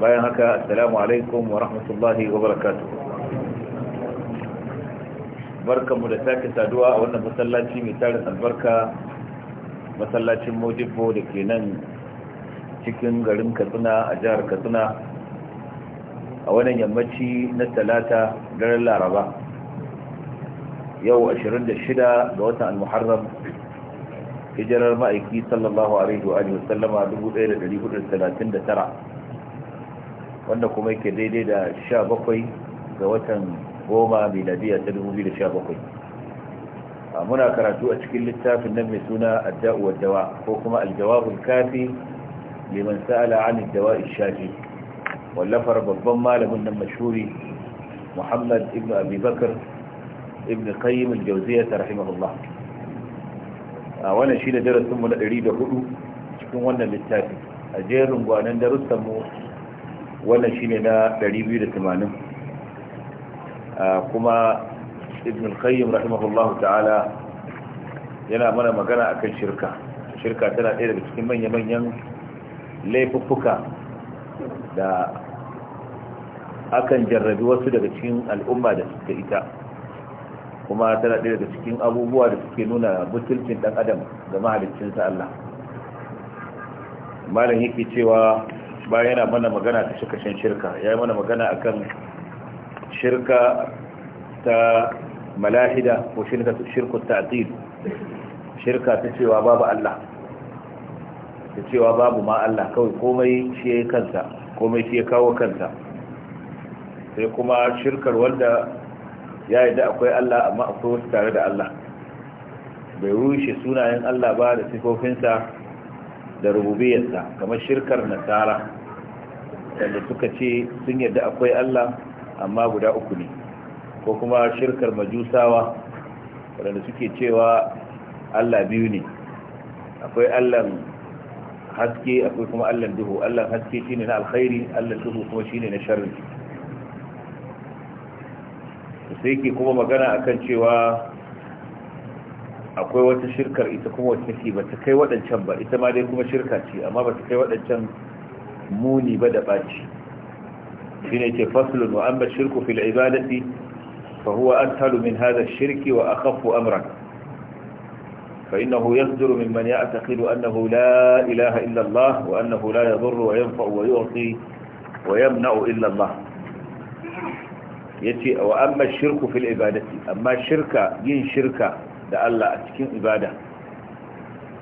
bayan haka assalamu alaikum wa rahmatullahi wa barakatuh barkanmu da sake saduwa a wannan masallaci mai tarin albarka masallacin mojibbo da ke nan cikin garin katsina a jihar katsina a wannan yammaci na talata garin laraba yau 26 ga watan al-muharram hijirar ma'aiki sallallahu alaihi wa sallama 1439 wanda kuma yake daidai da 17 ga watan goma miladiya ta 2017 muna karatu a cikin littafin nan mai suna adda'u wa dawa ko kuma aljawabul kafi liman sa'ala an dawa wallafar babban malamin nan Mashuri, Muhammad ibn Abi ibn Qayyim al-Jawziyyah rahimahullah a wannan shine darasin na 104 cikin wannan littafi a jerin gwanan darussanmu. wannan shine na 280 kuma ibn al-qayyim rahimahullahu ta'ala yana mana magana akan shirka shirka tana ɗaya daga cikin manya-manyan laifuffuka da akan jarrabi wasu daga cikin al'umma da suka ita kuma tana ɗaya daga cikin abubuwa da suke nuna butulcin ɗan adam ga mahalicinsa Allah malam yake cewa ba yana mana magana ta kashen shirka ya yi mana magana akan shirka ta malahida ko shirka shirkun ta'til shirka ta cewa babu Allah ta cewa babu ma Allah kawai komai shi ya yi kansa komai shi ya kawo kansa sai kuma shirkar wanda ya yi da akwai Allah amma akwai wasu tare da Allah bai rushe sunayen Allah ba da sifofinsa da rububiyarsa kamar shirkar nasara wanda suka ce sun yarda akwai Allah amma guda uku ne ko kuma shirkar majusawa wanda suke cewa Allah biyu ne akwai Allah haske akwai kuma Allah duhu Allah haske shine na alkhairi Allah duhu kuma shine na sharri sai ke kuma magana akan cewa akwai wata shirkar ita kuma wacce take ba ta kai waɗancan ba ita ma dai kuma shirka ce amma ba ta kai waɗancan muni ba da ɓaci shi ne ce faslun wa amma shirku fil ibadati fa huwa ashalu min hadha shirki wa akhafu amran fa innahu yasduru mimman ya'taqidu annahu la ilaha illa Allah wa annahu la yadhurru wa yanfa'u wa yu'ti wa yamna'u illa Allah yace wa amma shirku fil ibadati amma shirka yin shirka da Allah a cikin ibada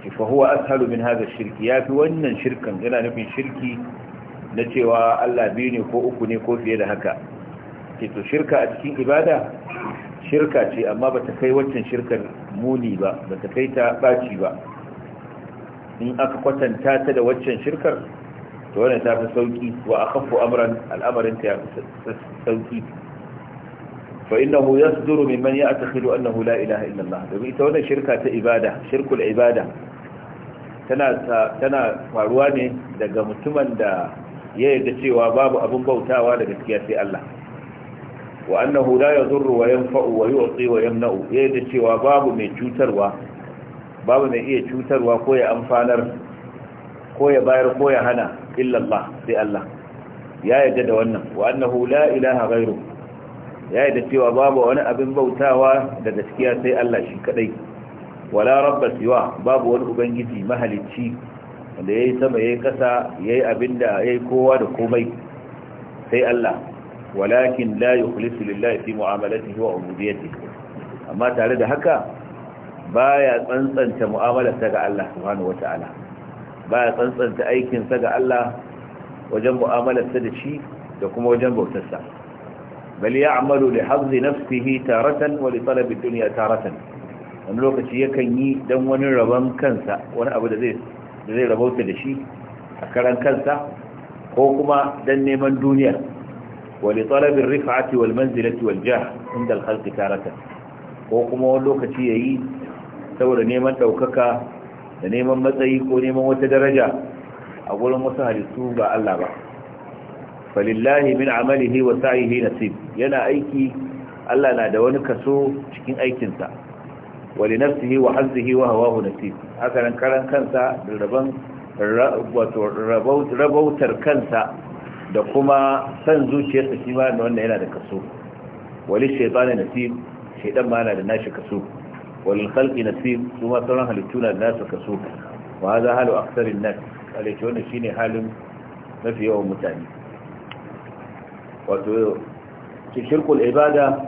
ki fa huwa ashalu min hadha shirki yafi wannan shirkan yana nufin shirki na cewa Allah biyu ne ko uku ne ko fiye da haka ke to shirka a cikin ibada shirka ce amma ba ta kai wancan shirkan muni ba bata ta kai ta ɓaci ba in aka kwatanta ta da waccan shirkar to wannan ta fi sauki wa akhafu amran al'amarin ta ya fi sauki fa innahu yasduru mimman ya'taqidu annahu la ilaha domin ita wannan shirka ta ibada shirkul ibada tana faruwa ne daga mutumin da ya yarda cewa babu abun bautawa da gaskiya sai Allah wa annahu la yadurru wa yanfa'u wa yu'ti wa yamna'u ya yarda cewa babu mai iya cutarwa ko ya amfanar ko ya bayar ko ya hana sai Allah ya yarda da wannan wa annahu ya yi da cewa babu wani abin bautawa da gaskiya sai Allah shi kadai wala rabba siwa babu wani ubangiji mahalicci wanda ya yi sama ya yi kasa ya yi abin da ya yi kowa da komai sai Allah walakin la yukhlisu lillahi fi mu'amalatihi wa ubudiyatihi amma tare da haka baya tsantsanta mu'amalarsa ga Allah subhanahu wata'ala baya tsantsanta aikinsa ga Allah wajen mu'amalarsa da shi da kuma wajen bautarsa bal ya'malu li hazzi nafsihi taratan wani li talabi dunya taratan wani lokaci yakan yi dan wani rabon kansa wani abu da zai da rabauta da shi a karan kansa ko kuma dan neman duniya wa li talabi rif'ati wal manzilati wal jah inda al khalqi taratan ko kuma wani lokaci ya yi saboda neman ɗaukaka da neman matsayi ko neman wata daraja a gurin wasu halittu ba Allah ba falillahi min amalihi wa sa'ihi nasib yana aiki Allah na da wani kaso cikin aikinsa wali nafsihi wa hazzihi wa hawahu nasib haka nan karan kansa da raban wato rabautar kansa da kuma san zuciyarsa shi ma da wanda yana da kaso wali shaytan nasib shaytan ma yana da nashi kaso wal khalqi nasib kuma sauran halittu na da nasu kaso wa hadha halu aktsarin nas alaihi wannan shine halin mafi yawan mutane wato ki shirkul ibada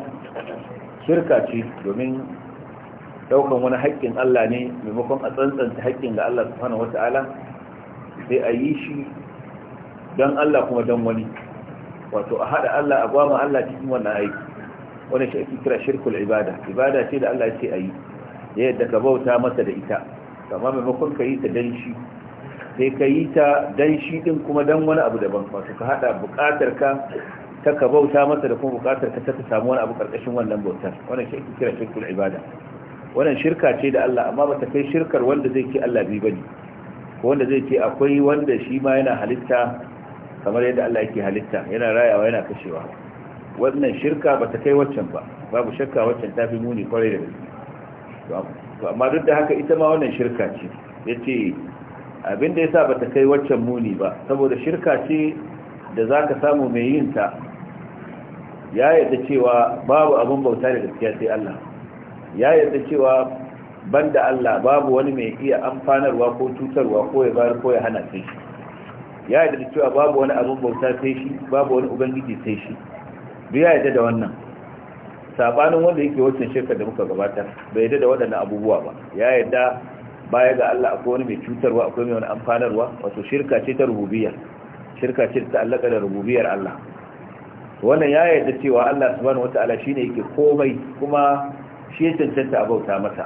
shirka ce domin daukan wani haƙƙin Allah ne maimakon a tsantsanta haƙƙin ga Allah subhanahu wata'ala sai a yi shi don Allah kuma don wani wato a haɗa Allah a gwama Allah cikin wannan aiki wani shi ake kira shirkul ibada ibada ce da Allah ce a yi da yadda ka bauta masa da ita amma maimakon ka yi ta dan shi sai ka yi ta dan shi din kuma dan wani abu daban wato ka haɗa buƙatar ka kaka bauta masa da kuma bukatar ka ta samu wani abu karkashin wannan bautar wannan shi ake kira shirkul ibada wannan shirka ce da Allah amma ba ta kai shirkar wanda zai ce Allah bi bane ko wanda zai ce akwai wanda shi ma yana halitta kamar yadda Allah yake halitta yana rayawa yana kashewa wannan shirka ba ta kai waccan ba babu shakka waccan ta fi muni kwarai da gaske to amma duk da haka ita ma wannan shirka ce yace abin da yasa ba ta kai waccan muni ba saboda shirka ce da zaka samu mai yin ta ya yarda cewa babu abin bauta da gaskiya sai Allah ya yarda cewa banda Allah babu wani mai iya amfanarwa ko cutarwa ko ya bayar ko ya hana sai shi ya yarda cewa babu wani abin bauta sai shi babu wani ubangiji sai shi duk ya yarda da wannan sabanin wanda yake wancan shekar da muka gabatar bai yarda da waɗannan abubuwa ba ya yarda baya ga Allah akwai wani mai cutarwa akwai mai wani amfanarwa wato shirka ce ta rububiyya shirka ce ta allaka da rububiyar Allah wannan ya yarda cewa Allah subhanahu wataala shine yake komai kuma shi ya cancanta a bauta masa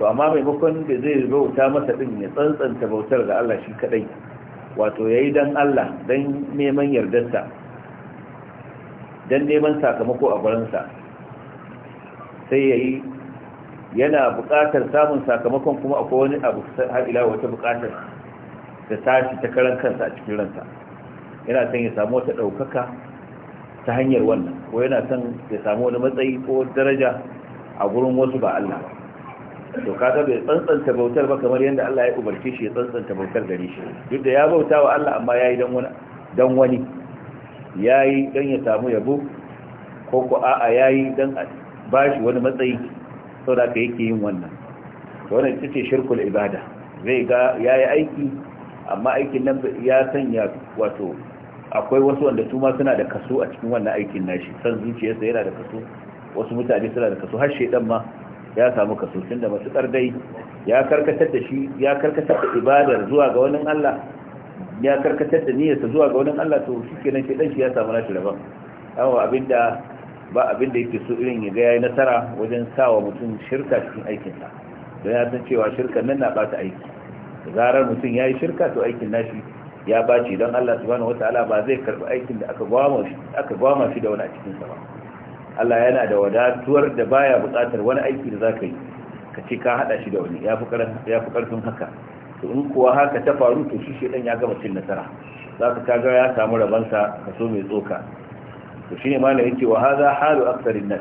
to amma maimakon da zai bauta masa din ya tsantsanta bautar da Allah shi kadai wato yayi dan Allah dan neman yardarsa dan neman sakamako a sa sai yayi yana buƙatar samun sakamakon kuma akwai wani abu har ila wata buƙatar da tashi ta karan kansa a cikin ranta yana son ya samu wata ɗaukaka ta hanyar wannan ko yana son ya samu wani matsayi ko daraja a gurin wasu ba Allah to ga bai tsantsanta bautar ba kamar yadda Allah ya umarce shi ya tsantsanta bautar gare shi duk da ya bauta wa Allah amma yayi dan wani dan wani yayi dan ya samu yabo ko ko a'a yayi dan bashi wani matsayi saboda ka yake yin wannan to wannan ita ce shirkul ibada zai ga yayi aiki amma aikin nan ya sanya wato akwai wasu wanda su ma suna da kaso a cikin wannan aikin nashi san zuciyarsa yana da kaso wasu mutane suna da kaso har shedan ma ya samu kaso da masu dai ya karkatar da shi ya karkatar da ibadar zuwa ga wani Allah ya karkatar da niyyarsa zuwa ga wani Allah to shikenan shedan shi ya samu nashi rabon amma abinda ba abinda yake so irin ya ga yayi nasara wajen sawa mutum shirka cikin sa don ya san cewa shirkan nan na bata aiki zarar mutum yayi shirka to aikin nashi ya baci don Allah Wata ala ba zai karbi aikin da aka gwama shi da wani a cikinsa ba Allah yana da wadatuwar da baya buƙatar wani aiki da za ka yi ka ce ka hada shi da wani Ya fi ƙarfin karfin haka to in kuwa haka ta faru to shi shedan ya gama cin nasara zaka kaga ya samu rabansa kaso mai tsoka to ne malamin yace wa haza halu aktsarin nan.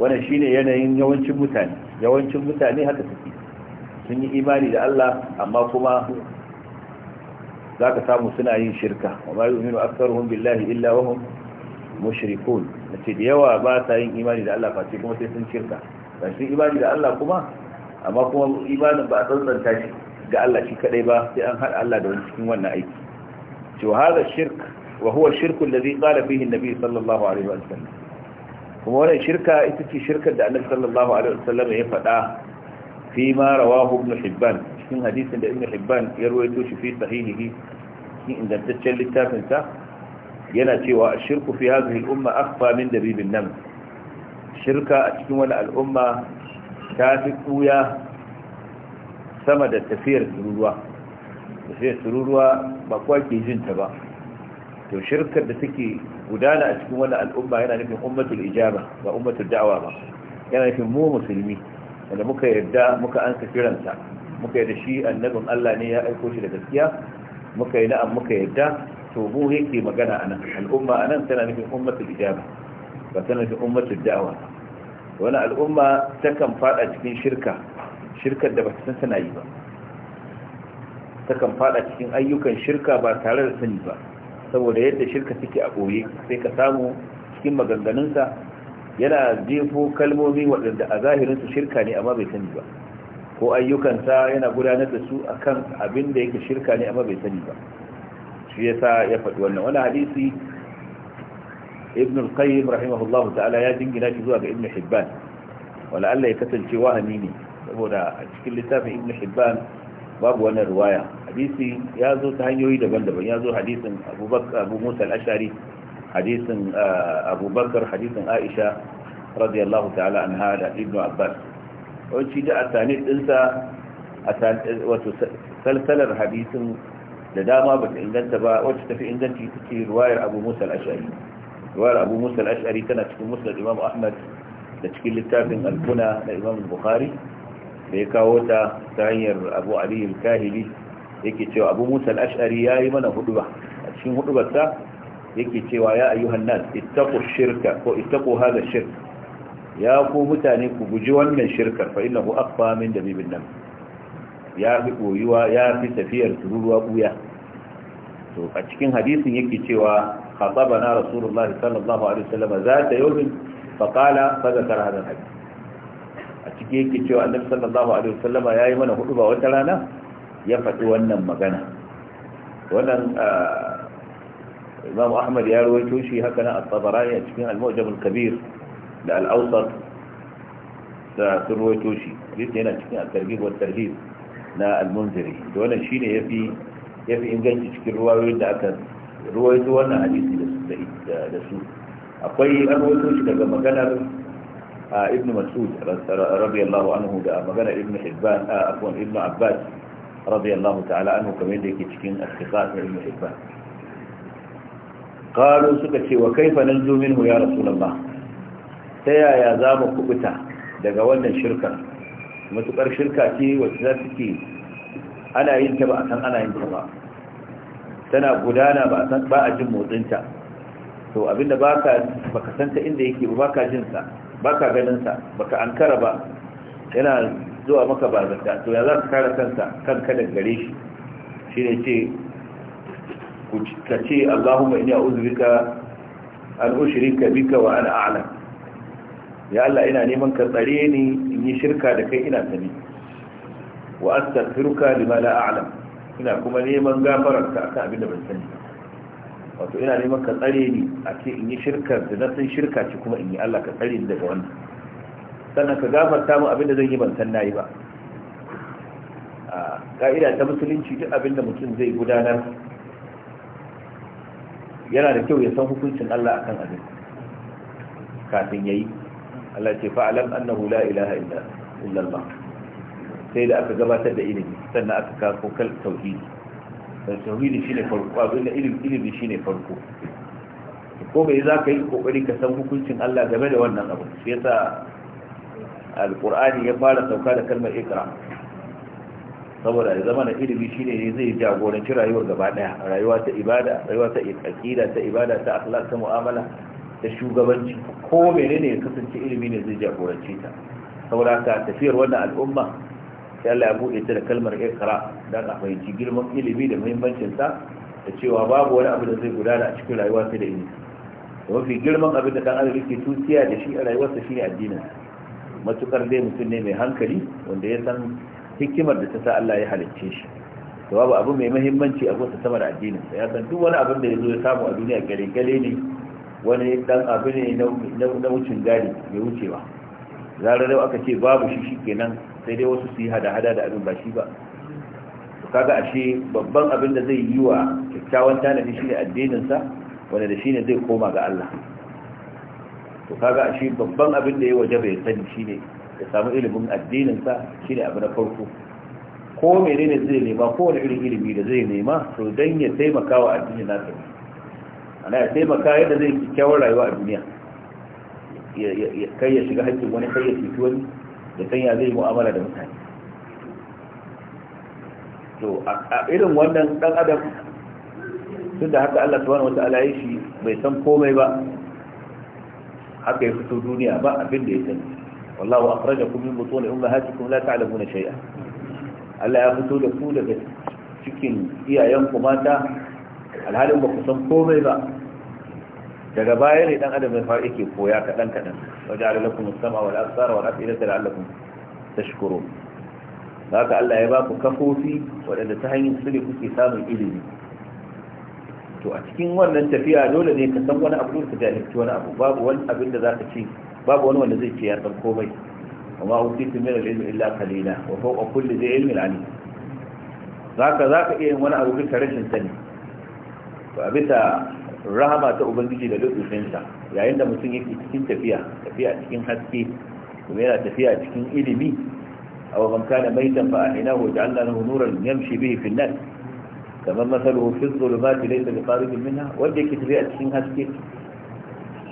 wannan shine yanayin yawancin mutane yawancin mutane haka suke sun yi imani da Allah amma kuma za ka samu suna yin shirka wa ma yu'minu aktharuhum billahi illa wa hum mushrikun nace da yawa ba sa yin imani da Allah face kuma sai sun shirka dan shi imani da Allah kuma amma kuma imanin ba a tsantsanta shi ga Allah shi kadai ba sai an haɗa Allah da wani cikin wannan aiki to hada shirk wa huwa shirku alladhi qala fihi an-nabi sallallahu alaihi wa sallam kuma wannan shirka ita ce shirkar da annabi sallallahu alaihi wa sallam ya faɗa fi ma rawahu ibn hibban cikin hadisin da ibn hibban ya ruwaito shi fi sahihihi cikin ingantaccen littafin sa yana cewa ashirku fi hadhihi al-umma akhfa min dabibin nam shirka a cikin wani al'umma ta fi kuya sama da tafiyar tururuwa tafiyar tururuwa ba kowa ke jin ta ba to shirkar da suke gudana a cikin wani al'umma yana nufin ummatul ijaba ba ummatul da'awa ba yana nufin mu musulmi wanda muka yarda muka ansa kiransa muka yarda shi annabin Allah ne ya aiko shi da gaskiya muka yi na'am muka yarda to mu yake magana anan al'umma anan tana nufin ummatul ijaba ba tana nufin ummatul da'wa wani al'umma ta kan fada cikin shirka shirkar da ba ta san tana yi ba kan fada cikin ayyukan shirka ba tare da sani ba saboda yadda shirka take a boye sai ka samu cikin maganganunsa yana jefo kalmomi waɗanda a zahirinsu shirka ne amma bai sani ba ko ayyukansa yana gudanar da su akan abin da yake shirka ne amma bai sani ba shi yasa ya faɗi wannan wani hadisi ibn qayyim rahimahullah ta'ala ya jingina shi zuwa ga ibn hibban wala Allah ya kasance wahani ne saboda a cikin littafin ibn hibban babu wannan riwaya hadisi ya zo ta hanyoyi daban-daban ya zo hadisin abubakar abu musa al-ashari hadisin uh, abubakar hadisin aisha radiyallahu ta'ala an hada ibn abbas wanci da asanid dinsa wato salsalar hadisin da dama ba ta inganta ba wacce tafi inganci ita ce ruwayar abu musa al-ash'ari ruwayar abu musa al-ash'ari tana cikin musnad imam ahmad da cikin littafin Alkuna na imam bukhari da ya kawo ta ta hanyar abu Aliyu al-kahili yake cewa abu musa al ya yi mana huduba a cikin hudubarsa yake cewa ya ayyuhan nas ittaqu shirka ko ittaqu hadha shirk ya ku mutane ku guji wannan shirkar fa innahu aqfa min dabibin nam ya fi koyuwa ya fi tafiyar tururuwa buya to a cikin hadisin yake cewa khatabana rasulullahi sallallahu alaihi wasallam zata yi fa qala fa zakara hadha a cikin yake cewa annabi sallallahu alaihi wasallam yayi mana hudu ba wata rana ya faɗi wannan magana wannan ah, imam ahmad ya rawaito shi haka na at-tabarani a cikin al-mu'jam al-kabir da al-awsat da sun rawaito shi hadisi yana cikin at-targhib wa tarhib na al-munziri to wannan shine yafi yafi inganci cikin ruwayoyin da aka ruwaito wannan hadisi da da su akwai an rawaito shi daga maganar ibn mas'ud radiyallahu anhu da maganar ibn hibban afwan ibn abbas radiyallahu ta'ala anhu kamar yadda yake cikin as-siqat ibn hibban qalu suka ce wa kaifa nanju minhu ya rasulullah ta yaya za mu kubuta daga wannan shirka matuƙar shirka ce wacce za take ana yin ta ba a san ana yin ta ba tana gudana ba san ba a jin motsin ta to abinda baka baka san ta inda yake ba baka jin sa baka ganin sa baka ankara ba yana zuwa maka ba bazata to ya za ka kare kansa kanka daga gare shi shine ce ka ce Allahumma inni a'udhubika an ushrika bika wa ana a'lam ya Allah ina neman ka tsare ni in yi shirka da kai ina sani wa astaghfiruka lima la a'lam ina kuma neman gafararka akan abin da ban sani wato ina neman ka tsare ni a ce in yi shirka da na san shirka ce kuma in yi Allah ka tsare ni daga wannan sannan ka gafarta mu abin da zan yi ban san nayi ba ka'ida ta musulunci duk abin da mutum zai gudanar yana da kyau ya san hukuncin Allah akan abin kafin yayi Allah ce fa alam annahu la ilaha illa illallah sai da aka gabatar da ilimi sannan aka kawo kal tauhidi dan tauhidi shine farko abin da ilimi ilimi shine farko ko bai za ka yi kokari ka san hukuncin Allah game da wannan abu sai yasa alqur'ani ya fara sauka da kalmar ikra saboda a zama na ilimi shi ne zai jagoranci rayuwar gaba daya rayuwa ta ibada rayuwa ta aqida ta ibada ta akhlaq ta mu'amala ta shugabanci ko menene ya kasance ilimi ne zai jagorance ta saboda ka tafiyar wannan al'umma sai Allah ya bude ta da kalmar ikra dan a fahimci girman ilimi da muhimmancin sa da cewa babu wani abu da zai gudana a cikin rayuwa sai da ilimi da mafi girman abin da dan adam yake tusiya da shi a rayuwarsa shine addinin matukar dai mutum ne mai hankali wanda ya san hikimar da ta sa Allah ya halicce shi to babu abu mai muhimmanci a gusa sama da addinin sa ya san duk wani abin da yazo ya samu a duniya gare gare ne wani dan abu ne na wucin gadi mai wucewa zarar da aka ce babu shi shikenan sai dai wasu su yi hada hada da abin ba shi ba kaga ashe babban abin da zai yi wa kyakkyawan tanadi shine addinin sa wanda da shine zai koma ga Allah to kaga ashe babban abin da ya waje bai sani shine ya samu ilimin addininsa shi ne abu na farko ko ne zai nema ko wani irin ilimi da zai nema to don ya taimaka wa addinin nasa ana ya taimaka yadda zai kyakkyawar rayuwa a duniya kai ya shiga haƙƙin wani kai ya fito wani da kan ya zai mu'amala da mutane to a irin wannan dan adam tun da haka Allah subhanahu wata'ala ya shi bai san komai ba haka ya fito duniya ba abin da ya sani wallahu akhrajakum min butun ummahatikum la ta'lamuna shay'a Allah ya fito da ku daga cikin iyayen ku mata alhalin ba ku san komai ba daga baya ne dan adam ya fara yake koya kadan kadan waja'ala lakum as-sama na absara wal af'idata la'allakum tashkurun ka Allah ya ba ku kafofi waɗanda ta hanyar su ne kuke samun ilimi to a cikin wannan tafiya dole ne ka san wani abu ka jahilci wani abu babu wani abin da za ka ce babu wani wanda zai ce ya san komai amma utitu min al-ilmi illa qalila wa fawqa kulli dhi ilmin alim zaka zaka iya yin wani abu bisa rashin sani ba bisa rahama ta ubangiji da lutsufinsa yayin da mutum yake cikin tafiya tafiya cikin haske kuma yana tafiya cikin ilimi aw man kana maitan fa ahinahu ja'alna lahu nuran yamshi bihi fi an-nas kamar masaluhu fi adh-dhulumati laysa bi kharij minha wanda yake tafiya cikin haske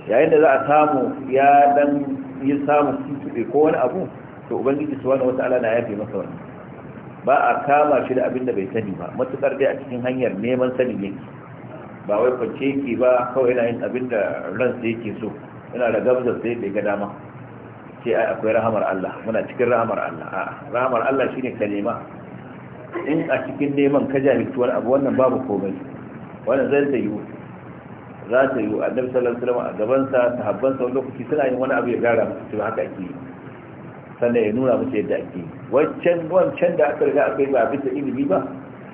yayin da za a samu ya dan yi samu tutube ko wani abu to ubangiji subhanahu wataala na yafe masa wani ba a kama shi da abin da bai sani ba matukar dai a cikin hanyar neman sani yake ba wai kwance yake ba kawai yana yin abin da ransa yake so yana da gabza sai bai ga dama ce ai akwai rahamar Allah muna cikin rahamar Allah a rahamar Allah shine ka nema in a cikin neman ka jami'tuwar abu wannan babu komai wannan zai ta yiwu za ta yi annabi sallallahu alaihi a gabansa sahabbansa wani lokaci suna yin wani abu ya gara musu haka ake yi sannan ya nuna musu yadda ake yi wancan da aka riga aka yi ba bisa ilimi ba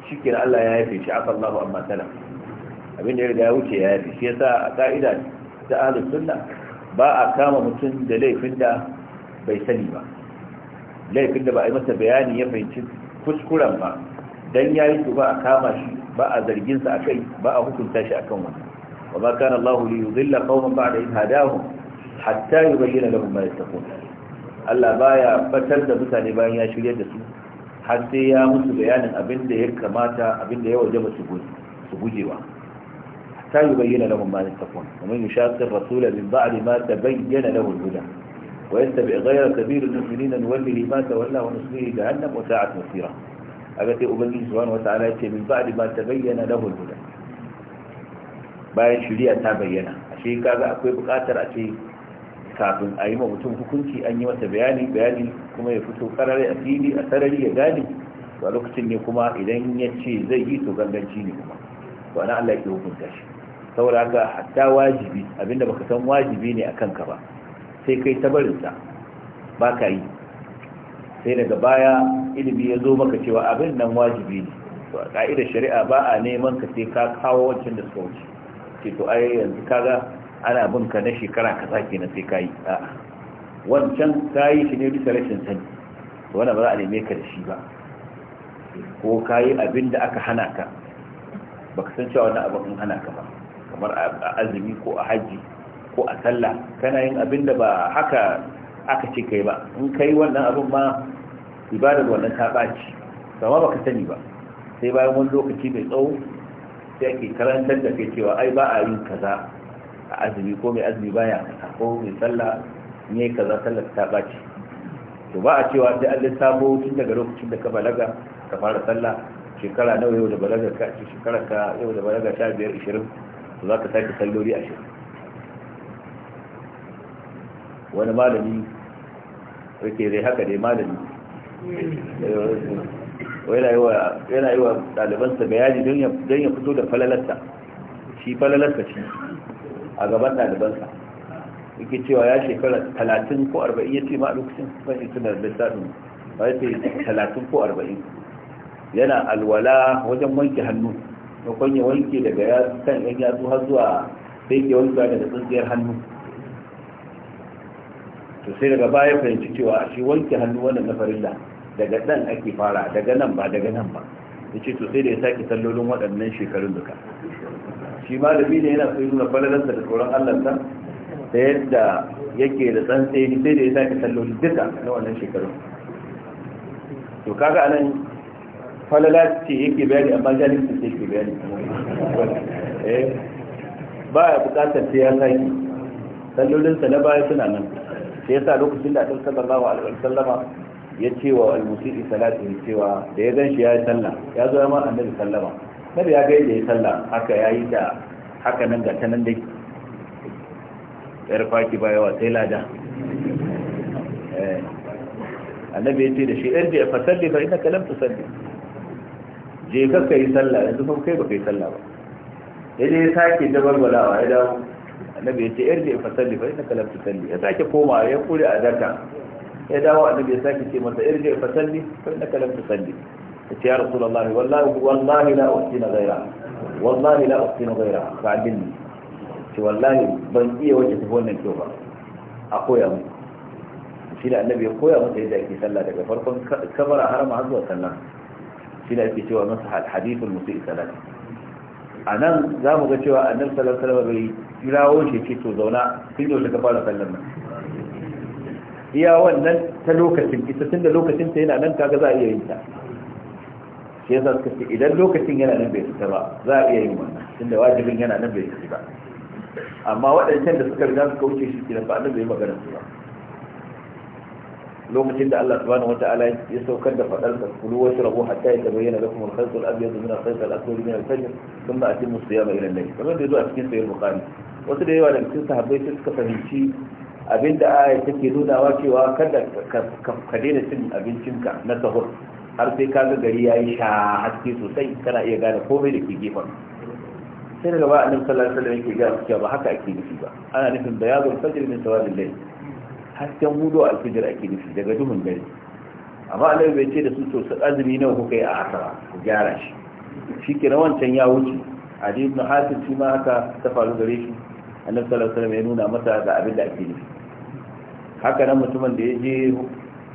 shikenan Allah ya yafe shi aka Allahu amma salam abin da ya riga ya wuce ya yafe shi yasa a ka'ida ta ahlus sunna ba a kama mutum da laifin da bai sani ba laifin da ba a yi masa bayani ya fahimci kuskuren ba dan yayi to ba a kama shi ba a zargin sa akai ba a hukunta shi akan wannan وما كان الله ليضل قوما بعد إذ هداهم حتى يبين لهم ما يتقون Allah baya batar da mutane bayan ya shirye da su har ya mutu bayanin abin da ya kamata abin da ya wajaba su gujewa ta yi bayyana lahun ma yattaqun wa man yushaqqir rasula min ba'di ma tabayyana lahu al-huda wa yattabi ghayra sabili al-mu'minina nuwallihi ma tawalla wa nuslihi aga sai ubangiji subhanahu ya ce min ba'di bayan shari'a ta bayyana ashe kaga akwai bukatar a ce kafin a yi mutum hukunci an yi masa bayani bayani kuma ya fito karare a fili a sarari ya gane ba a lokacin ne kuma idan ya ce zai yi to ganganci ne kuma ba na Allah ke hukunta shi saboda haka hatta wajibi abinda baka san wajibi ne a kanka ba sai kai ta barinsa ba ka yi sai daga baya ilimi ya zo maka cewa abin nan wajibi ne to a ka'idar shari'a ba a neman ka sai ka kawo wancan da suka wuce ce to ai yanzu kaga ana bin ka na shekara ka sake na sai kayi a'a wancan kayi shi ne bisa rashin sani wannan ba za a neme ka da shi ba ko kayi abin da aka hana ka baka san cewa wannan abin hana ka ba kamar a azumi ko a haji ko a sallah kana yin abin da ba haka aka ce kai ba in kai wannan abin ma ibadar wannan ta baci amma baka sani ba sai bayan wani lokaci mai tsawo sai ake karantar da kai cewa ai ba a yin kaza a azumi ko mai azumi baya kaza ko mai sallah ne kaza sallar ta baci to ba a cewa sai an lissafo tun daga lokacin da ka balaga ka fara sallah shekara nawa yau da balaga ka ce shekara ka yau da balaga sha biyar ishirin to za ka sake sallori ashirin wani malami rike zai haka dai malami yana yi wa ɗalibansa bayani don ya fito da falalarsa shi falalarsa shi a gaban ɗalibansa yake cewa ya shekara talatin ko arba'in ya ce ma a lokacin ban isa tunar lissafin ba ya ce talatin ko arba'in yana alwala wajen wanke hannu makon ya wanke daga kan yan yatsu har zuwa sai ke wankewa daga tsintsiyar hannu to sai daga baya fahimci cewa shi wanke hannu wannan na farilla daga dan ake fara daga nan ba daga nan ba ya ce to sai da ya sake sallolin waɗannan shekarun duka shi malami ne yana sai nuna falalarsa da tsoron allansa ta yadda yake da tsantseni sai da ya sake sallolin duka na wannan shekarun to kaga anan falala ce yake bayani amma jalibin ce yake bayani eh, ba ya bukatar sai ya sake sallolinsa na baya suna nan sai ya sa lokacin da a sallallahu alaihi wasallama ya ce wa al-musii salatihi cewa da ya zan shi ya yi sallah ya zo ma annabi sallama kada ya ga yadda ya sallah haka ya yi da haka nan ga tanan dai yar faki ba yawa sai lada eh. annabi ya ce da shi ɗan da ya fasalli fa ina kalam tu salli je ka yi sallah yanzu fa kai ba kai sallah ba ya je ya sake dabarwalawa ya dawo annabi ya ce ɗan da ya fasalli fa ina kalam tu salli ya sake koma ya kure a zaka ya dawo annabi ya sake ce masa irje fa salli fa innaka lam tusalli ce ya rasulullah wallahi wallahi la usina ghaira wallahi la usina ghaira fa adilni ce wallahi ban iya wace tafi wannan kyau ba a koya mu shi da annabi ya koya masa yadda ake sallah daga farkon kamara harama har zuwa sallah shi da ake cewa masa hadithul musi salati a nan za mu ga cewa annabi sallallahu alaihi wasallam bai kirawo shi ce to zauna tun da ka fara sallar nan iya wannan ta lokacin ita tun da lokacin ta yana nan kaga za a iya yin ta shi yasa suka ce idan lokacin yana nan bai fita ba za a iya yin wannan da wajibin yana nan bai fita ba amma waɗancan da suka riga suka wuce shi kenan ba nan bai magana su ba lokacin da Allah subhanahu wata'ala ya saukar da fadar da kulu wa rabu hatta yatabayyana lakum al-khayt al-abyad min al-khayt al-aswad min al-fajr thumma atimmu as-siyama ila al-layl kamar da a cikin sayar bukhari wasu da yawa daga cikin sahabbai sai suka fahimci abinda aya take nunawa cewa kada ka daina cin abincinka na sahur har sai ka ga gari yayi sha haske sosai kana iya gane komai da ke gefen sai daga ba annabi sallallahu alaihi wasallam yake ga cewa ba haka ake nufi ba ana nufin bayadul fajr min sawadil layl hasken hudu fajr ake nufi daga duhun dare amma annabi bai ce da su to su azumi nawa kuka yi a asara ku gyara shi shikenan wancan ya wuce hadith na hafiz shi ma haka ta faru gare shi annabi sallallahu alaihi wasallam ya nuna masa ga abin da ake nufi haka nan mutumin da ya je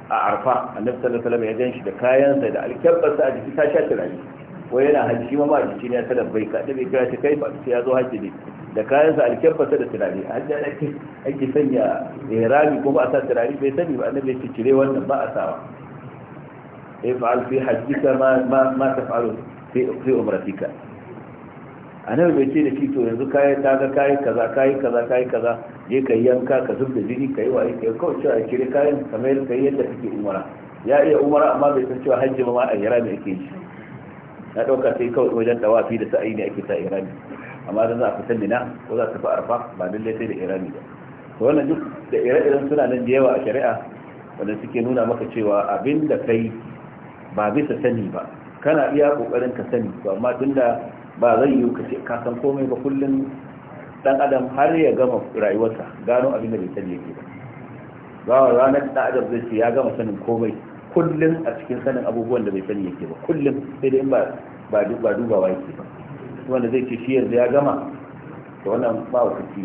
a arfa annabi sallallahu alaihi ya gan shi da kayansa da alkyabbarsa a jiki ta sha turare ko yana hajji ma a jiki ne ya talar bai ka bai kira ta kaifa sai ya zo hajji ne da kayansa alkyabbarsa da a hajji ake ake sanya rami ko ba a sa turare bai sani ba annabi ya cire wannan ba a sawa fa'al fi ka ma ma fa'alu fi umratika annabi bai ce da shi to yanzu kayi ga kayi kaza kayi kaza kayi kaza je ka yanka ka zub da jini ka yi kai ko kawai cewa a kire kayan kamar ka yi yadda kake umara ya iya umara amma bai san cewa hajji ma a ne ake yi na ɗauka sai kawai wajen dawafi da sa'ayi ne ake sa irani amma dan za a fitar mina ko za ta fi arfa ba lallai sai da irani ba to wannan duk da ire-iren suna nan da yawa a shari'a wanda suke nuna maka cewa abin da kai ba bisa sani ba kana iya kokarin ka sani to amma tunda ba zai yi kace ka san komai ba kullum dan adam har ya gama rayuwarsa gano abin da bai yi yake ba ba ranar da adam zai ce ya gama sanin komai kullum a cikin sanin abubuwan da bai sani yake ba kullum sai dai ba ba duba dubawa yake ba wanda zai ce shi yanzu ya gama to wannan ba wa kaci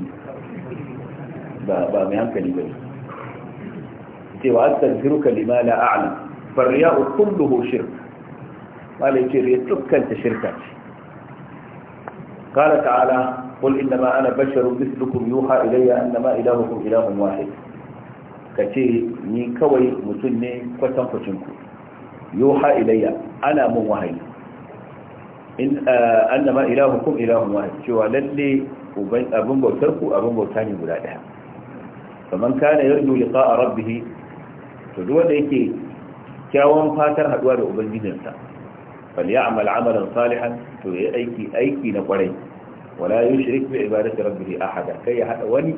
ba ba mai hankali ba ne cewa astaghfiruka lima la a'lam farriya'u kulluhu shirk malai ce riya dukkan ta shirka ce قال تعالى قل إنما أنا بشر مثلكم يوحى إلي أنما إلهكم إله واحد كتي ني كوي متني كتن كتنكو يوحى إلي أنا من وحي إن آه أنما إلهكم إله واحد شو للي أبن بوتركو أبن بوتاني ملادها فمن كان يرجو لقاء ربه تدوى ليكي كاوان فاتر هدوى لأبن جنسا falyamal amalan salihan to ya aiki aiki na kwarai wala yushrik bi ibadati rabbih ahada kai ya hada wani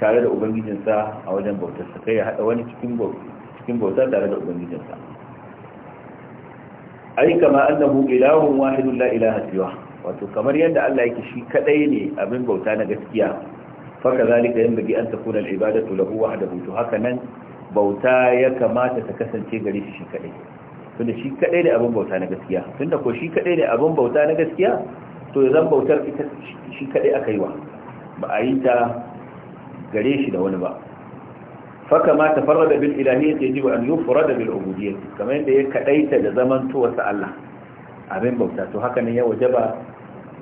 tare da ubangijinsa a wajen bautarsa kai ya hada wani cikin cikin tare da ubangijinsa ilahun wato kamar yadda Allah yake shi kadai ne abin bauta na gaskiya faka zalika yin bagi an takuna al-ibadatu lahu wahdahu to haka nan bauta ya kamata ta kasance gare shi kadai tunda shi kadai ne abin bauta na gaskiya tunda ko shi kadai ne abin bauta na gaskiya to ya zan bautar ita shi kadai aka yi wa ba a yi ta gare shi da wani ba faka ma ta da bil ilahiyyati yajibu an da bil ubudiyyati kamar yadda ya kadai ta da zaman to wasa Allah abin bauta to haka ne ya wajaba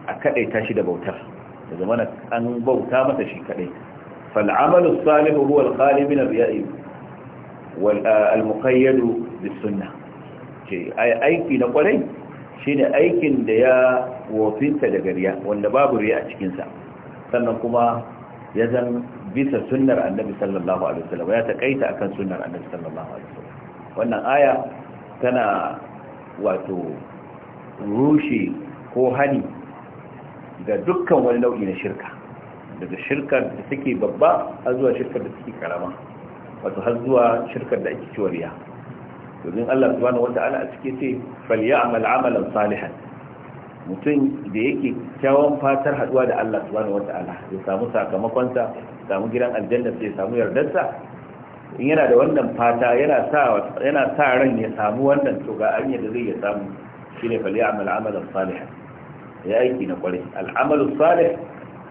a kadaita shi da bautar da zamana an bauta masa shi kadai fal amalu salihu huwa al khali min riya'i wal al muqayyad bis sunnah ce aiki na kwarai shine aikin da ya wofinta daga riya wanda babu riya a cikinsa sannan kuma ya zan bisa sunnar annabi sallallahu alaihi wasallam ya taƙaita akan sunnar annabi sallallahu alaihi wasallam wannan aya tana wato rushe ko hani ga dukkan wani nau'i na shirka daga shirkar da suke babba har zuwa shirkar da suke karama wato har zuwa shirkar da ake ciwariya domin Allah subhanahu wata'ala a cike ce falyamal amalan salihan mutum da yake kyawun fatar haduwa da Allah subhanahu wata'ala ya samu sakamakon sakamakonsa samu gidan aljanna sai ya samu yardarsa in yana da wannan fata yana sa yana sa ran ya samu wannan to ga an da zai ya samu shine falyamal amalan salihan ya aiki na kwarai al'amalu salih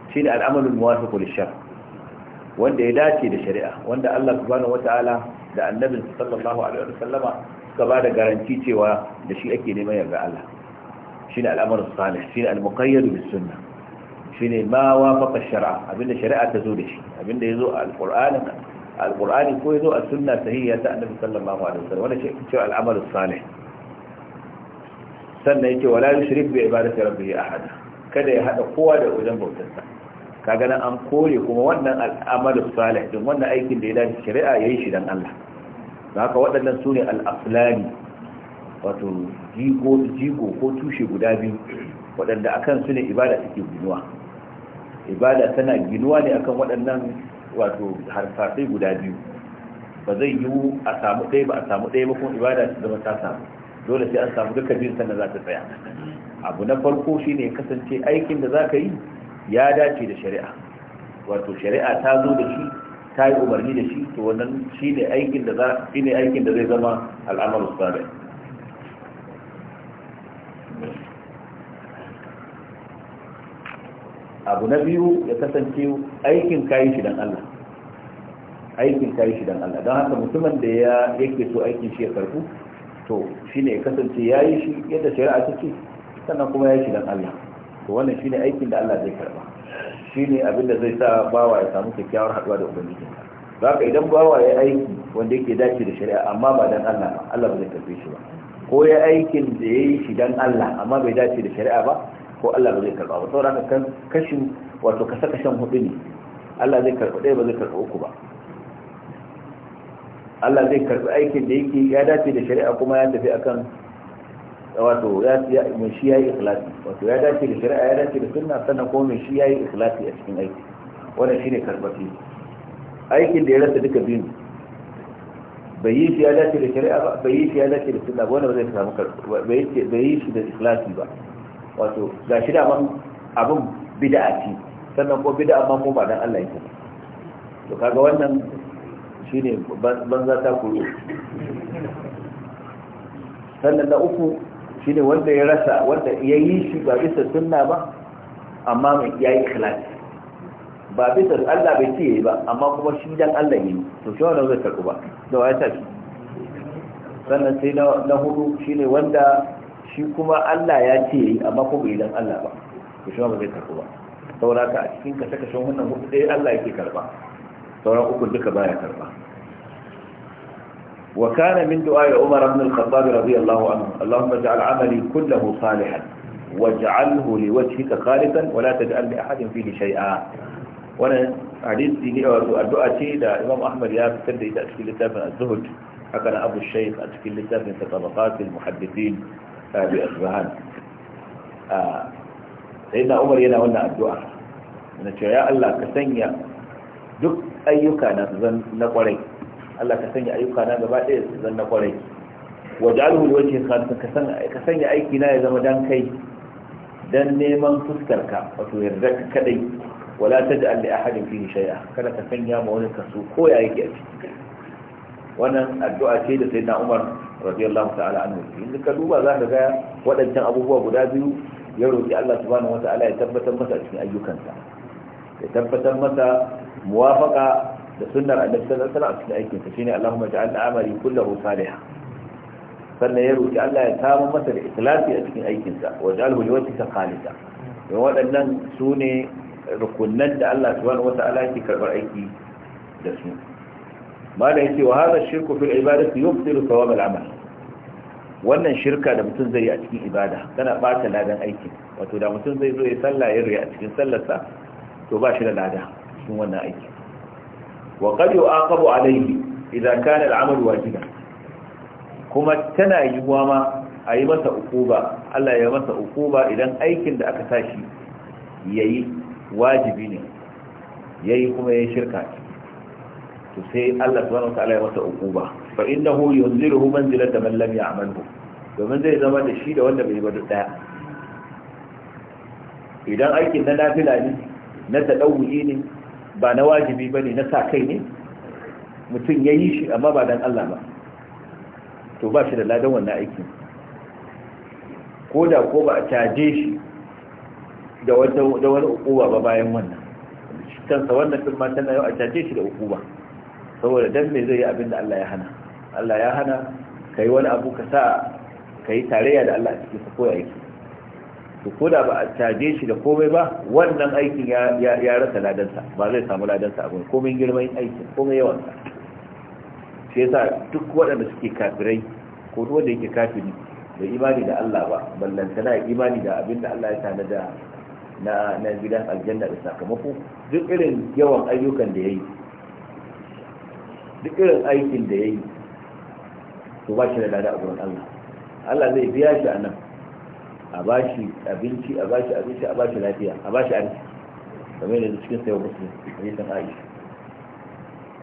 shine al'amalu muwafiqu lishar wanda ya dace da shari'a wanda Allah subhanahu wata'ala da annabin sallallahu alaihi wasallama suka ba da garanti cewa da shi ake neman yarda Allah shine al'amar salih shine al-muqayyad bis sunnah shine ma wafaqa shar'a abinda shari'a ta zo da shi abinda yazo a al-qur'ani al-qur'ani ko yazo a sunna sahiha ta annabi sallallahu alaihi wasallam wannan shi ce al'amar salih sannan yake wala yushrik bi ibadati rabbih ahada kada ya hada kowa da wajen bautarsa kaga nan an kore kuma wannan al'amal salih din wannan aikin da ya dace shari'a yayi shi dan Allah haka waɗannan su ne al'afilani wato jigo ko tushe guda biyu waɗanda akan su ne ibada suke ginuwa ibada tana ginuwa ne akan waɗannan wato harfafai guda biyu ba zai yiwu a samu ɗaya ba a samu ɗaya ba ibada su zama ta samu dole sai an samu duka biyun sannan za ta tsaya abu na farko shi ne kasance aikin da za ka yi ya dace da shari'a wato shari'a ta zo da shi ta yi umarni da shi to wannan shi ne aikin da za shi ne aikin da zai zama al'amarin sabai abu na biyu ya kasance aikin kayi shi dan Allah aikin kayi shi dan Allah don haka mutumin da ya yake so aikin shi ya karbu to shi ne ya kasance ya yi shi yadda shari'a ta ce sannan kuma ya yi shi dan Allah to wannan shi ne aikin da Allah zai karba shine abin da zai sa bawa ya samu kyakkyawar haduwa da ubangiji za ka idan bawa ya aiki wanda yake dace da shari'a amma ba dan Allah ba Allah ba zai karbe shi ba ko ya aikin da ya yi shi dan Allah amma bai dace da shari'a ba ko Allah ba zai karba ba saboda kan kashin wato kasa kashen hudu ne Allah zai karba ɗaya ba zai karba uku ba Allah zai karbi aikin da yake ya dace da shari'a kuma ya tafi akan wato ya mai shi yi ikhlasi wato ya dace da shari'a ya dace da sunna sannan kuma mai shi yi ikhlasi a cikin aiki wannan shine karbafi aikin da ya rasa duka biyun bai yi shi ya dace da shari'a ba bai yi shi ya dace da sunna ba wannan ba zai samu karbati bai yi shi da ikhlasi ba wato ga shi da man abun bid'a ce sannan ko bid'a ma mu ba dan Allah yake to kaga wannan shine banza ta kuro sannan na uku shine wanda ya rasa wanda ya yi shi ba bisa sunna ba amma mai ya yi ikhlasi ba bisa Allah bai ce ba amma kuma shi dan Allah ne to shi wannan zai karbu ba da waya ta shi sannan sai na hudu shi ne wanda shi kuma Allah ya ce amma kuma bai dan Allah ba to shi ba zai karbu ba saboda ka a cikin kashe kashen wannan hudu dai Allah yake karba sauran uku duka baya karba وكان من دعاء عمر بن الخطاب رضي الله عنه اللهم اجعل عملي كله صالحا واجعله لوجهك خالصا ولا تجعل لأحد فيه شيئا وانا حديثي الدعاء تي دا امام احمد يا فتر دا اشكال لتافن الزهد حكنا ابو الشيخ اشكال لتافن طبقات المحدثين آه، بأسبهان آه، سيدنا عمر ينا وانا الدعاء من يا الله كسنيا دك ايوكا نفذن نقريك Allah ka sanya ayyuka na gaba ɗaya su zanna kwarai waj'alhu liwajhi khalisan ka sanya aiki na ya zama dan kai dan neman fuskar ka wato yarda ka kadai wala taj'al li ahadin fihi shay'a kada ka sanya ma wani kaso ko ya yake a kai. wannan addu'a ce da sayyidina Umar radiyallahu ta'ala anhu in ka duba za ka ga waɗancan abubuwa guda biyu ya roki Allah subhanahu wata'ala ya tabbatar masa a cikin ayyukansa ya tabbatar masa muwafaka da sunnar annabi sallallahu alaihi wasallam a cikin aikin sa shine Allahumma ja'al amali kullahu salihan sannan ya roki Allah ya samu masa da ikilasi a cikin aikinsa wajen wa ja'alhu liwajhika khalisa don waɗannan su ne rukunan da Allah su wani subhanahu wata'ala yake karɓar aiki da su mala yace wa hadha shirku fil su yubtilu thawab al amal wannan shirka da mutum zai yi a cikin ibada tana ɓata ladan aiki wato da mutum zai zo ya sallah ya riya a cikin sallarsa to ba shi da lada cikin wannan aiki. wa qad yu'aqabu alayhi idza kana al'amal wajiba kuma tana yiwuwa ma a yi masa ukuba Allah ya masa ukuba idan aikin da aka sashi yayi wajibi ne yayi kuma yayi shirka to sai Allah subhanahu wataala ya masa ukuba fa innahu yunziruhu manzilata man lam ya'malhu domin zai zama da shi da wanda bai ba duk daya idan aikin na nafila ne na tadawuyi ne ba na wajibi ba ne na sa kai ne mutum ya yi shi amma ba don Allah ba to ba shi da ladan wannan aiki ko da ko ba a caje shi da wani ukuwa ba bayan wannan kansa wannan din ma tana yau a caje shi da ukuwa saboda dan me zai yi abin da Allah ya hana Allah ya hana kai wani abu ka sa kai tarayya da Allah a cikin sa ko ya yake to ko da ba a caje shi da komai ba wannan aikin ya rasa ladansa ba zai samu ladansa abin komai girman aikin komai yawansa shi yasa duk waɗanda suke kafirai ko wanda yake kafiri da imani da Allah ba na imani da abin da Allah ya tanada na na gidan aljanna da sakamako duk irin yawan ayyukan da yayi duk irin aikin da yayi to ba shi da ladan a Allah Allah zai biya shi a nan a bashi abinci a bashi abinci a bashi lafiya a bashi arziki kamar yadda cikin sayo muslim hadisin aisha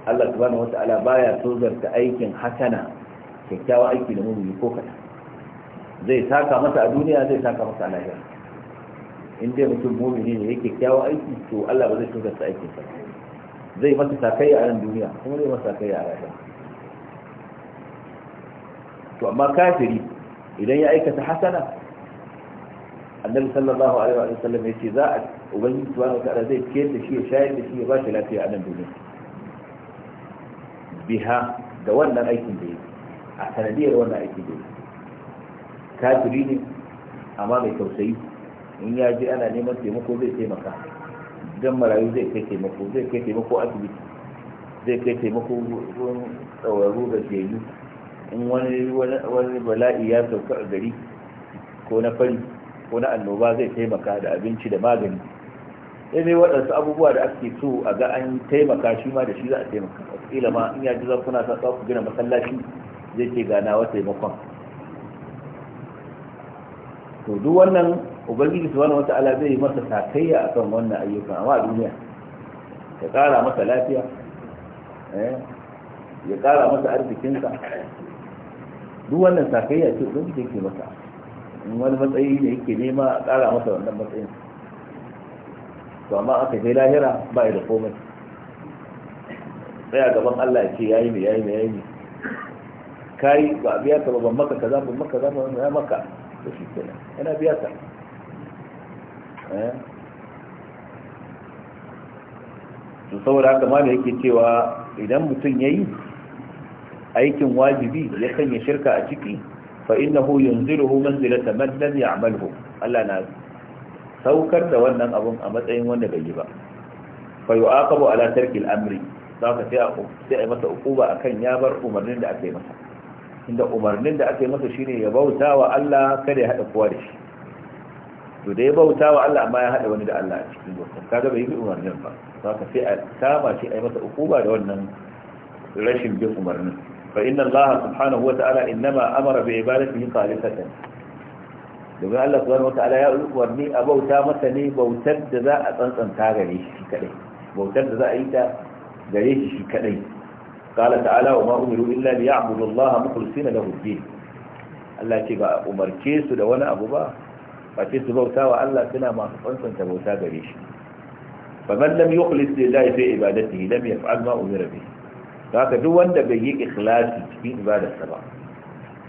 Allah subhanahu wata'ala baya ta aikin hasana kyakkyawan aiki da mummuni ko kaɗan zai saka masa a duniya zai saka masa a lahira in dai mutum mumini ne yake kyakkyawan aiki to Allah ba zai ta aikin sa zai masa sakayya a nan duniya kuma zai masa sakayya a lahira to amma kafiri idan ya aikata hasana annabi sallallahu alaihi wa sallam yace za a ubangiji subhanahu wa ta'ala zai ciyar da shi ya shayar da shi ya ba shi lafiya a nan duniya biha da wannan aikin da yake a sanadiyar wannan aikin da yake kafiri ne amma mai tausayi in ya ji ana neman taimako zai taimaka dan marayu zai kai taimako zai kai taimako asibiti zai kai taimako ruwan tsawaro da jeju in wani wani bala'i ya sauka a gari ko na fari ko na annoba zai taimaka da abinci da magani sai dai waɗansu abubuwa da ake so a ga an taimaka shi ma da shi za a taimaka wakila ma in yaji zan kuna sa ku gina masallaci zai ke wa taimakon to duk wannan ubangiji wata ala zai yi masa a kan wannan ayyukan amma a duniya ya ƙara masa lafiya eh, ya ƙara masa arzikinsa duk wannan takayya ce ubangiji ke masa in wani matsayi da yake nema a ƙara masa wannan matsayin to amma aka je lahira ba da komai tsaya gaban Allah ya ce yayi ne yayi ne yayi ne kai ba biya ka ba ban maka kaza ban maka kaza ban ya maka to shi kenan yana biya ka eh? to saboda haka ma yake cewa idan mutum yayi aikin wajibi ya sanya shirka a ciki fa innahu yunziluhu manzilata man ya ya'malhu Allah na saukar da wannan abun a matsayin wanda bai yi ba fa yu'aqabu ala tarki al-amri saka sai a sai a masa ukuba akan ya bar umarnin da aka yi masa inda umarnin da aka yi masa shine ya bauta wa Allah kada ya hada kowa da shi bauta wa Allah amma ya hada wani da Allah a cikin bautan kaga bai umarnin ba a yi ukuba da wannan rashin bin umarnin فإن الله سبحانه وتعالى إنما أمر بعبادته خالصة domin Allah subhanahu wataala ya umarni a bauta mata ne bautar da za a tsantsanta gare shi kadai bautar da za a yi ta gare shi kadai qala ta'ala wa ma umiru illa li ya'budu Allah mukhlisina lahu din Allah ce ba umarce su da wani abu ba ba ce su bauta wa Allah suna masu tsantsanta bauta gare shi fa man lam yukhlis lillahi fi ibadatihi lam yaf'al ma umira bihi haka duk wanda bai yi ikhlasi cikin ibadarsa ba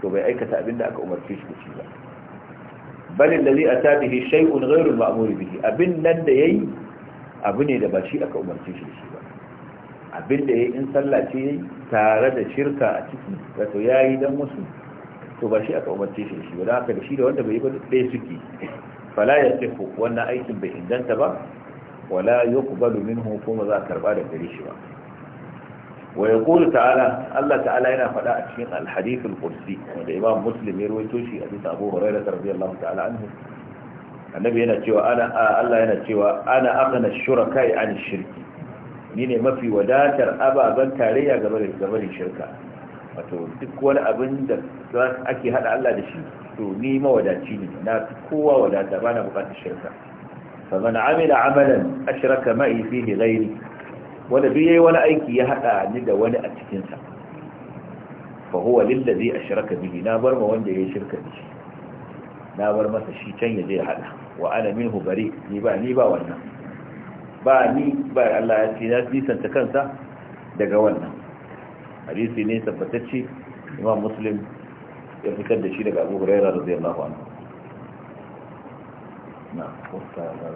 to bai aikata abin da aka umarce shi ci ba da bal allazi ata bihi shay'un ghayru al-ma'mur bihi abin nan da ya yi abu ne da ba shi aka umarce shi shi ba abin da ya yi in sallace ce yayi tare da shirka a ciki ya yi dan musu to ba shi aka umarce shi shi ba haka da shi da wanda bai yi ba dai suke fala ya yasifu wannan aikin bai inganta ba wala ku yuqbalu minhu kuma za a karba da gari shi ba wa yaqulu ta'ala Allah ta'ala yana faɗa a cikin al-hadith al-qudsi wanda Imam Muslim ya rawaito shi a cikin Abu Hurairah radiyallahu ta'ala anhu annabi yana cewa ana Allah yana cewa ana aghna ash-shuraka'i 'an ash-shirki ni ne mafi wadatar ababen tarayya gabarin shirka wato duk wani abin da ake hada Allah da shi to ni mawadaci ne na kowa wadata bana bukatar shirka faman amila amalan ashraka ma'i fihi ghairi wanda duk yayi wani aiki ya hada ni da wani a cikin sa fa huwa lillazi ashraka bihi na bar ma wanda yayi shirka da shi na bar masa shi can ya je ya hada wa ana minhu bari ni ba ni ba wannan ba ni ba Allah ya ce na nisanta kansa daga wannan hadisi ne tabbatacce imam muslim ya fitar da shi daga abu Hurairah radiyallahu anhu na kusa da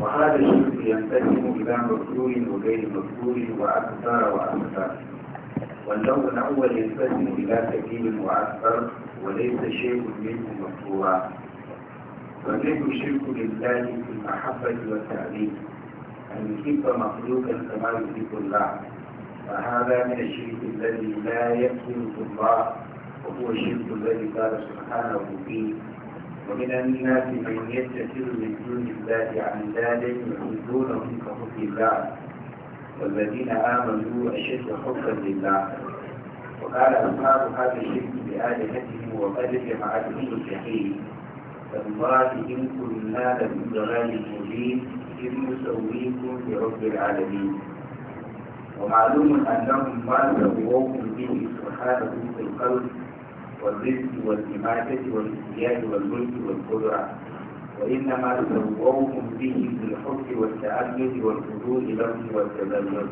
وهذا الشرك ينتسب إلى مذكور وغير مذكور وأكثر وأكثر واللون الأول ينتسب إلى كثير وأكثر وليس شيء منه مذكورا ومنه الشرك لله في المحبة والتعليم أن يحب مخلوقا كما يحب الله فهذا من الشرك الذي لا يكفره الله وهو الشرك الذي قال سبحانه فيه ومن الناس من يتكل من دون الله عن ذلك يحبونه كحب الله والذين امنوا اشد حبا لله وقال اصحاب هذا الشرك بالهتهم وقدرهم الدين الجحيم فالله ان كنا لفي ضلال مبين اذ نسويكم برب العالمين ومعلوم انهم ما سووكم به سبحانه في القلب والرزق والإماتة والإزياد والملك والقدرة وإنما تبوؤهم به بالحب والتأمل والخضوع له والتذلل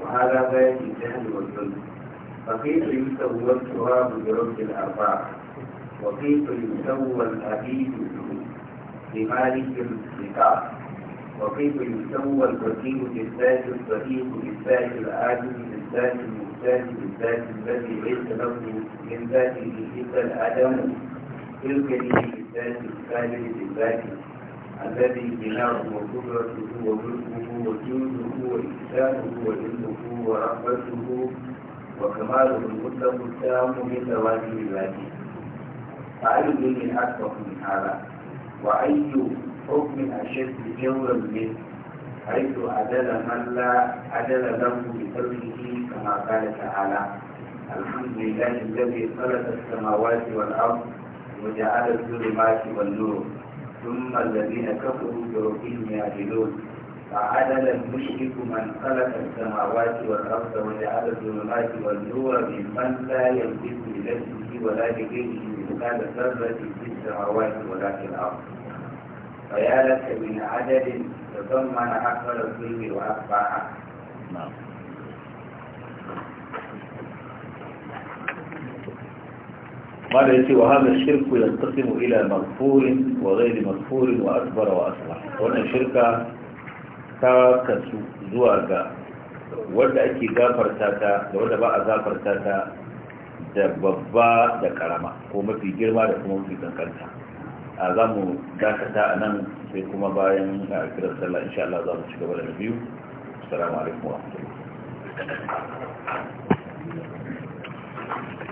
وهذا غاية الجهل والظلم فكيف يسوى التراب برب الأرباب وكيف يسوى الأبيد بمالك الكتاب وكيف يسوى الوكيل بالذات الصديق بالذات العادل بالذات الذات بالذات الذي ليس له من ذاته إلا الادم الكريم بالذات الكامل بالذات الذي بناه وقدرته وملكه وجوده وإحسانه وعلمه ورحمته وكماله المطلق التام من لوازم ذاته فأي من أكبر من هذا وأي حكم أشد جورا منه حيث عدل من لا عدل له بفضله كما قال تعالى الحمد لله الذي خلق السماوات والارض وجعل الظلمات والنور ثم الذين كفروا بربهم يعدلون فعدل المشرك من خلق السماوات والارض وجعل الظلمات والنور ممن لا يملك لنفسه ولا لغيره مثقال ذره في السماوات ولا في الارض فيالك من عدد تضمن أكثر فيه وأصبح قال يتي وهذا الشرك ينقسم إلى مغفور وغير مغفور وأكبر وأصلح وأن الشركة تاكس زواجا wadda أكي gafarta تاتا da wadda ba تاتا gafarta ta da babba da karama ko mafi girma da a za mu dakata a nan sai kuma bayan a kiran sallah insha Allah za mu ci gaba da na biyu assalamu alaikum wa rahmatullahi